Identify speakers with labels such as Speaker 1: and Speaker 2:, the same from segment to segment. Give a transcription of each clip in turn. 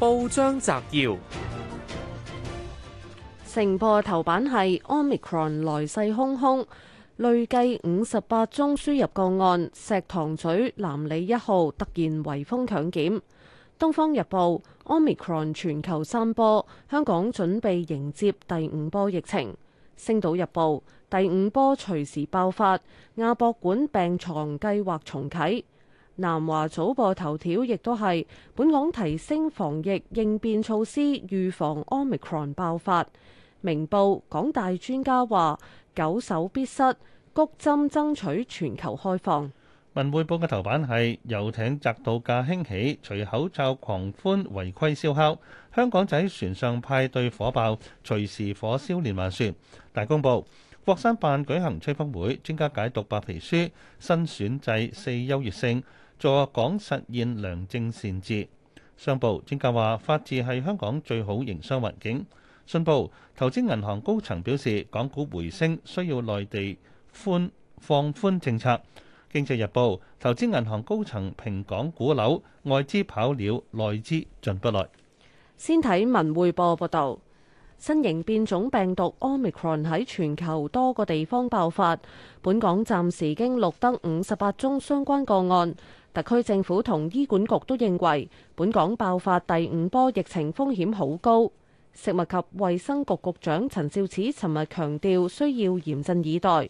Speaker 1: 報章摘要：
Speaker 2: 成報頭版係 Omicron 來勢洶洶，累計五十八宗輸入個案。石塘咀南里一號突然圍封強檢。東方日報：Omicron 全球三波，香港準備迎接第五波疫情。星島日報：第五波隨時爆發，亞博館病床計劃重啟。南華早報頭條亦都係，本港提升防疫應變措施，預防 Omicron 爆發。明報港大專家話，久守必失，谷針爭取全球開放。
Speaker 1: 文匯報嘅頭版係遊艇宅度假興起，除口罩狂歡違規燒烤，香港仔船上派對火爆，隨時火燒連環船。大公報，國新辦舉行吹風會，專家解讀白皮書新選制四優越性。助港實現良政善治。商報專家話：法治係香港最好營商環境。信報投資銀行高層表示，港股回升需要內地寬放寬政策。經濟日報投資銀行高層評港股樓外資跑了，內資進不來。
Speaker 2: 先睇文匯報報道，新型變種病毒 Omicron 喺全球多個地方爆發，本港暫時已經錄得五十八宗相關個案。特區政府同醫管局都認為，本港爆發第五波疫情風險好高。食物及衛生局局長陳肇始尋日強調，需要嚴陣以待。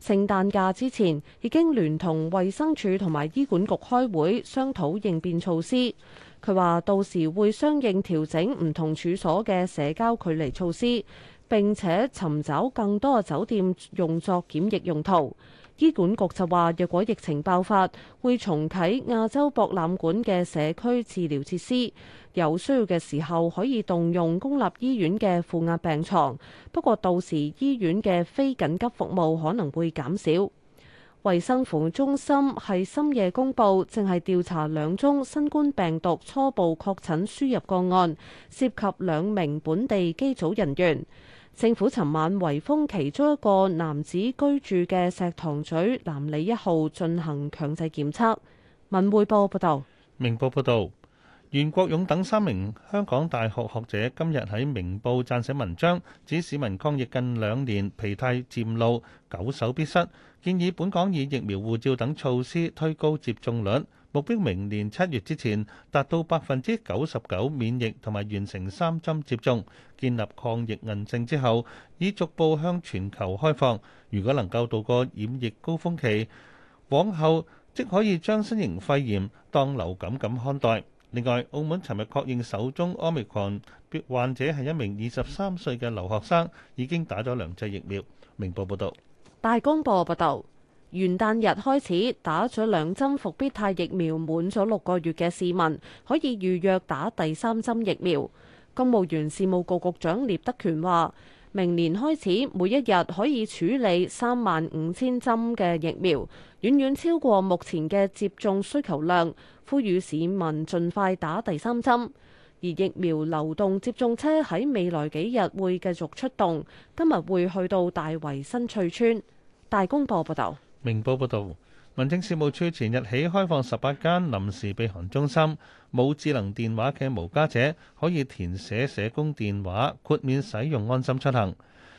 Speaker 2: 聖誕假之前已經聯同衛生署同埋醫管局開會商討應變措施。佢話到時會相應調整唔同處所嘅社交距離措施，並且尋找更多酒店用作檢疫用途。醫管局就話，若果疫情爆發，會重啟亞洲博覽館嘅社區治療設施，有需要嘅時候可以動用公立醫院嘅負壓病床，不過到時醫院嘅非緊急服務可能會減少。衛生防護中心係深夜公布，正係調查兩宗新冠病毒初步確診輸入個案，涉及兩名本地機組人員。政府尋晚圍封其中一個男子居住嘅石塘咀南里一號進行強制檢測。文匯報報道，
Speaker 1: 明報報道，袁國勇等三名香港大學學者今日喺明報撰寫文章，指市民抗疫近兩年疲態漸露，久守必失，建議本港以疫苗護照等措施推高接種率。目標明年七月之前達到百分之九十九免疫同埋完成三針接種，建立抗疫韌性之後，已逐步向全球開放。如果能夠度過染疫高峯期，往後即可以將新型肺炎當流感咁看待。另外，澳門尋日確認首宗 Omicron 患者係一名二十三歲嘅留學生，已經打咗兩劑疫苗。明報報導，
Speaker 2: 大公報報導。元旦日開始打咗兩針復必泰疫苗，滿咗六個月嘅市民可以預約打第三針疫苗。公務員事務局局長聶德權話：明年開始，每一日可以處理三萬五千針嘅疫苗，遠遠超過目前嘅接種需求量，呼籲市民盡快打第三針。而疫苗流動接種車喺未來幾日會繼續出動，今日會去到大圍新翠村。大公報報道。
Speaker 1: 明報報道：民政事務處前日起開放十八間臨時避寒中心，冇智能電話嘅無家者可以填寫社工電話，豁免使用安心出行。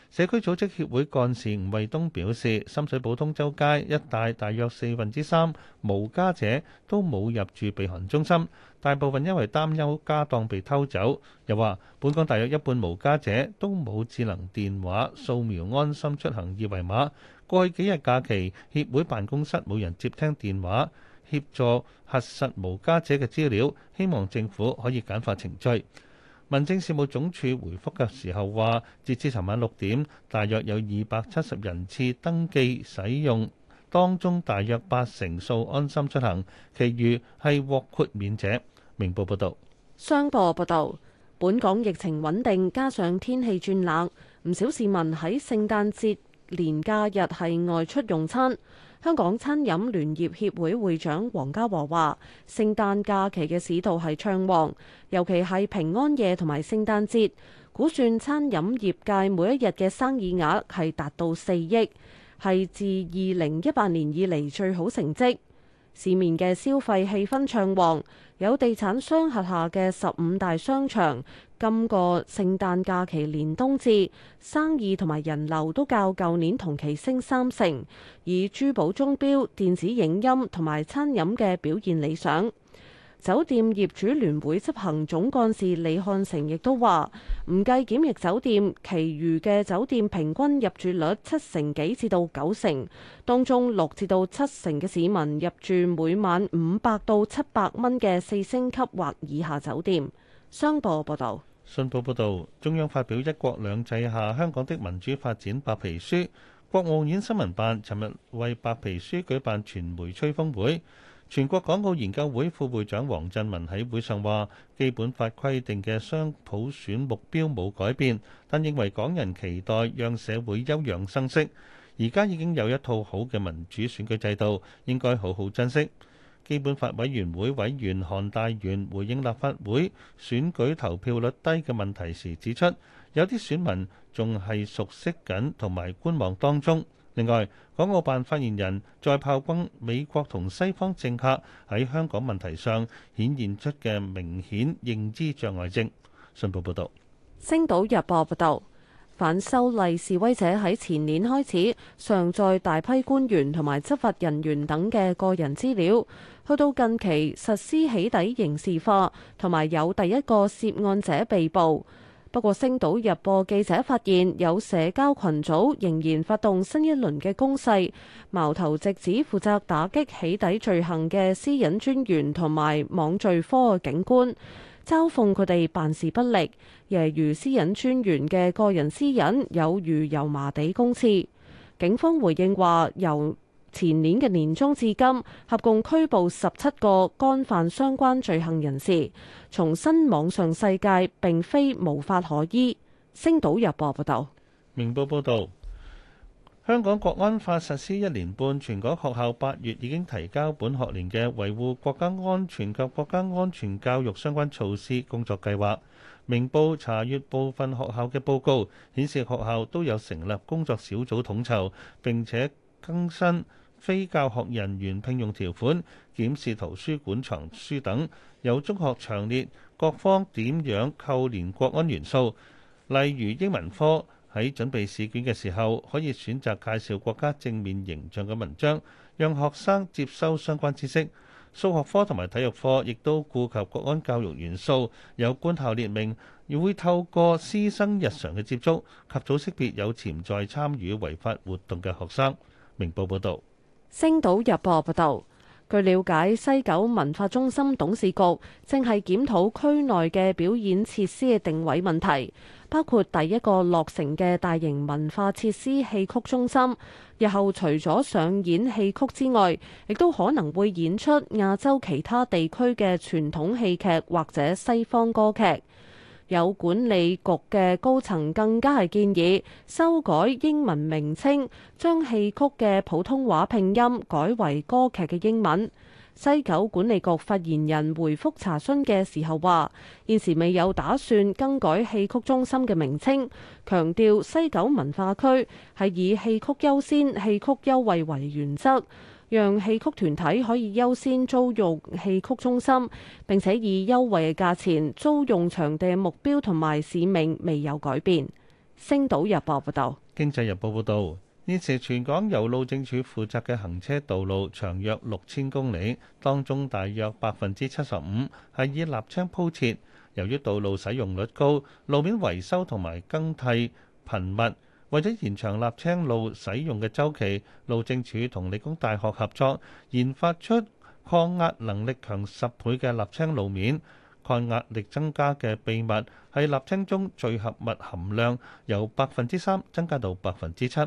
Speaker 1: 社區組織協會幹事吳衛東表示，深水埗東周街一帶大約四分之三無家者都冇入住避寒中心，大部分因為擔憂家當被偷走。又話，本港大約一半無家者都冇智能電話，掃描安心出行二維碼。過去幾日假期，協會辦公室冇人接聽電話，協助核實無家者嘅資料，希望政府可以簡化程序。民政事務總署回覆嘅時候話，截至尋晚六點，大約有二百七十人次登記使用，當中大約八成數安心出行，其餘係獲豁免者。明報報道，
Speaker 2: 商報報道，本港疫情穩定，加上天氣轉冷，唔少市民喺聖誕節。年假日係外出用餐，香港餐飲聯業協會會長黃家和話，聖誕假期嘅市道係暢旺，尤其係平安夜同埋聖誕節，估算，餐飲業界每一日嘅生意額係達到四億，係自二零一八年以嚟，最好成績。市面嘅消費氣氛暢旺，有地產商轄下嘅十五大商場，今個聖誕假期連冬節，生意同埋人流都較舊年同期升三成，以珠寶鐘錶、電子影音同埋餐飲嘅表現理想。酒店業主聯會執行總幹事李漢成亦都話：唔計檢疫酒店，其餘嘅酒店平均入住率七成幾至到九成，當中六至到七成嘅市民入住每晚五百到七百蚊嘅四星級或以下酒店。商報報道，
Speaker 1: 信報報道，中央發表《一國兩制下香港的民主發展白皮書》。國務院新聞辦尋日為白皮書舉辦傳媒吹風會，全國港澳研究會副會長黃振文喺會上話：基本法規定嘅雙普選目標冇改變，但認為港人期待讓社會休養生息，而家已經有一套好嘅民主選舉制度，應該好好珍惜。基本法委員會委員韓大元回應立法會選舉投票率低嘅問題時指出，有啲選民仲係熟悉緊同埋觀望當中。另外，港澳辦發言人在炮轟美國同西方政客喺香港問題上顯現出嘅明顯認知障礙症。信報報道，
Speaker 2: 《星島日報》報道，反修例示威者喺前年開始，上載大批官員同埋執法人員等嘅個人資料，去到近期實施起底刑事化，同埋有第一個涉案者被捕。不過，星島日報記者發現，有社交群組仍然發動新一輪嘅攻勢，矛頭直指負責打擊起底罪行嘅私隱專員同埋網罪科嘅警官，嘲諷佢哋辦事不力，揶揄私隱專員嘅個人私隱有如油麻地公廁。警方回應話：由前年嘅年中至今，合共拘捕十七個干犯相關罪行人士。重新網上世界，並非無法可依。星島日報報道，
Speaker 1: 明報報道，香港國安法實施一年半，全港學校八月已經提交本學年嘅維護國家安全及國家安全教育相關措施工作計劃。明報查閱部分學校嘅報告，顯示學校都有成立工作小組統籌，並且更新。非教學人員聘用條款、檢視圖書館藏書等，有中學詳列各方點樣扣連國安元素。例如英文科喺準備試卷嘅時候，可以選擇介紹國家正面形象嘅文章，讓學生接收相關知識。數學科同埋體育科亦都顧及國安教育元素。有官校列明亦會透過師生日常嘅接觸，及早識別有潛在參與違法活動嘅學生。明報報導。
Speaker 2: 星島日報報道，據了解，西九文化中心董事局正係檢討區內嘅表演設施嘅定位問題，包括第一個落成嘅大型文化設施——戲曲中心，日後除咗上演戲曲之外，亦都可能會演出亞洲其他地區嘅傳統戲劇或者西方歌劇。有管理局嘅高層更加係建議修改英文名稱，將戲曲嘅普通話拼音改為歌劇嘅英文。西九管理局發言人回覆查詢嘅時候話，現時未有打算更改戲曲中心嘅名稱，強調西九文化區係以戲曲優先、戲曲優惠為原則。讓戲曲團體可以優先租用戲曲中心，並且以優惠嘅價錢租用場地，目標同埋使命未有改變。星島日報報道：經濟日報
Speaker 1: 報道，現時全港由路政署負責嘅行車道路長約六千公里，當中大約百分之七十五係以瀝青鋪設。由於道路使用率高，路面維修同埋更替頻密。為咗延長立青路使用嘅周期，路政署同理工大學合作研發出抗壓能力強十倍嘅瀝青路面。抗壓力增加嘅秘密係瀝青中聚合物含量由百分之三增加到百分之七。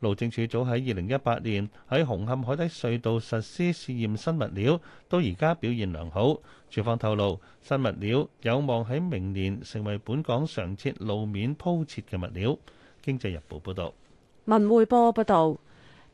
Speaker 1: 路政署早喺二零一八年喺紅磡海底隧道實施試驗新物料，到而家表現良好。署方透露新物料有望喺明年成為本港常設路面鋪設嘅物料。《經濟日報》報導，
Speaker 2: 《文匯報》報導，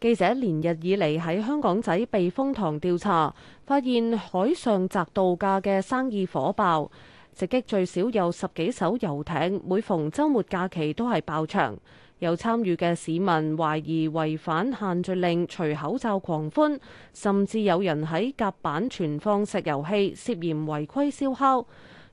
Speaker 2: 記者連日以嚟喺香港仔避風塘調查，發現海上宅度假嘅生意火爆，直擊最少有十幾艘遊艇，每逢週末假期都係爆場。有參與嘅市民懷疑違反限聚令，除口罩狂歡，甚至有人喺甲板存放石油氣，涉嫌違規燒烤。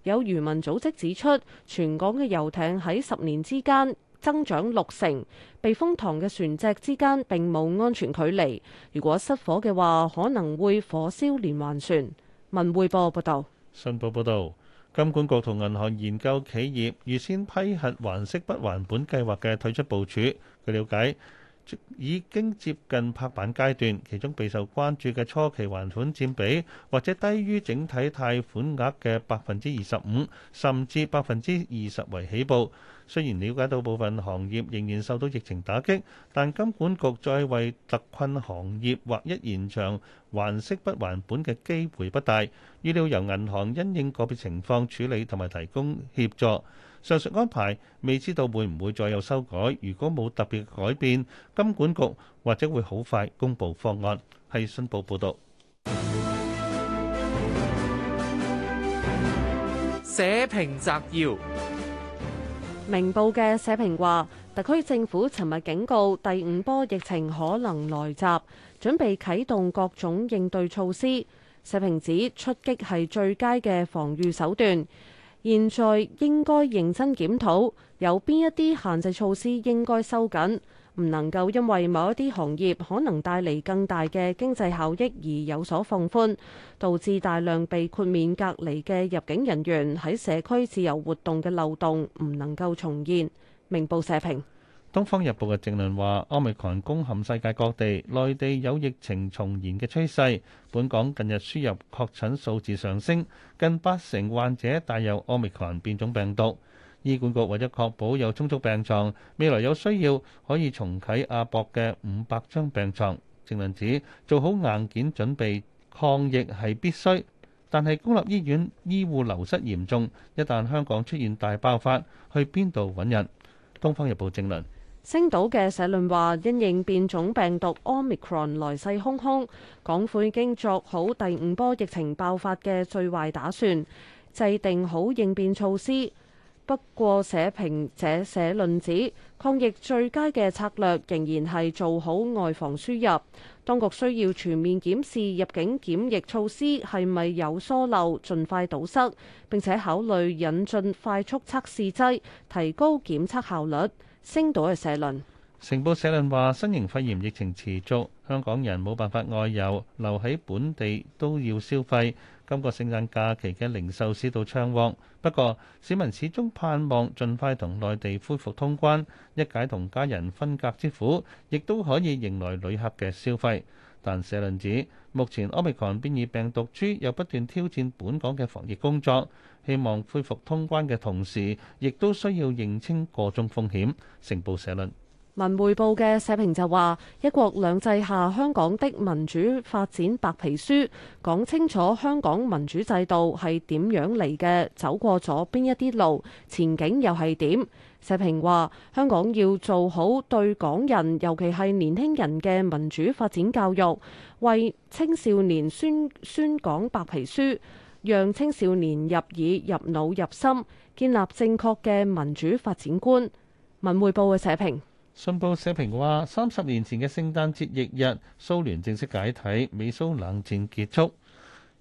Speaker 2: 有漁民組織指出，全港嘅遊艇喺十年之間，增長六成，避風塘嘅船隻之間並冇安全距離。如果失火嘅話，可能會火燒連環船。文匯報報道，
Speaker 1: 信報報道，金管局同銀行研究企業預先批核還息不還本計劃嘅退出部署。據瞭解。已經接近拍板階段，其中備受關注嘅初期還款佔比或者低於整體貸款額嘅百分之二十五，甚至百分之二十為起步。雖然了解到部分行業仍然受到疫情打擊，但金管局再為特困行業劃一延長還息不還本嘅機會不大，預料由銀行因應個別情況處理同埋提供協助。上述安排未知道會唔會再有修改。如果冇特別改變，金管局或者會好快公布方案。係新報報道。
Speaker 2: 社評摘要：明報嘅社評話，特區政府尋日警告第五波疫情可能來襲，準備啟動各種應對措施。社評指出，擊係最佳嘅防禦手段。現在應該認真檢討，有邊一啲限制措施應該收緊，唔能夠因為某一啲行業可能帶嚟更大嘅經濟效益而有所放寬，導致大量被豁免隔離嘅入境人員喺社區自由活動嘅漏洞唔能夠重現。明報社評。
Speaker 1: 《東方日報》嘅政論話：奧密克戎攻陷世界各地，內地有疫情重燃嘅趨勢。本港近日輸入確診數字上升，近八成患者帶有奧密克戎變種病毒。醫管局為咗確保有充足病床，未來有需要可以重啟亞博嘅五百張病床。政論指做好硬件準備抗疫係必須，但係公立醫院醫護流失嚴重，一旦香港出現大爆發，去邊度揾人？《東方日報》政論。
Speaker 2: 星島嘅社論話，因應變種病毒 Omicron 來勢洶洶，港府已經作好第五波疫情爆發嘅最壞打算，制定好應變措施。不過，社評者社論指，抗疫最佳嘅策略仍然係做好外防輸入，當局需要全面檢視入境檢疫措施係咪有疏漏，盡快堵塞，並且考慮引進快速測試劑，提高檢測效率。星島嘅社論，
Speaker 1: 成報社論話：新型肺炎疫情持續，香港人冇辦法外遊，留喺本地都要消費。今個聖誕假期嘅零售市道暢旺，不過市民始終盼望盡快同內地恢復通關，一解同家人分隔之苦，亦都可以迎來旅客嘅消費。但社論指，目前奧密克戎變異病毒株又不斷挑戰本港嘅防疫工作，希望恢復通關嘅同時，亦都需要認清個中風險。成報社論。
Speaker 2: 文匯報嘅社評就話，一國兩制下香港的民主發展白皮書講清楚香港民主制度係點樣嚟嘅，走過咗邊一啲路，前景又係點。社評話，香港要做好對港人，尤其係年輕人嘅民主發展教育，為青少年宣宣講白皮書，讓青少年入耳、入腦、入心，建立正確嘅民主發展觀。文匯報嘅社評。信報社
Speaker 1: 評話：三十年前嘅聖誕節翌日，蘇聯正式解體，美蘇冷戰結束。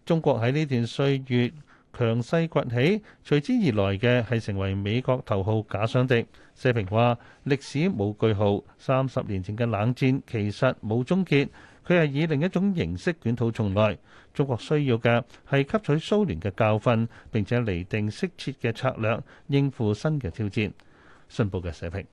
Speaker 1: 中國喺呢段歲月強勢崛起，隨之而來嘅係成為美國頭號假想敵。社評話：歷史冇句號，三十年前嘅冷戰其實冇終結，佢係以另一種形式捲土重來。中國需要嘅係吸取蘇聯嘅教訓，並且釐定適切嘅策略應付新嘅挑戰。信報嘅社評。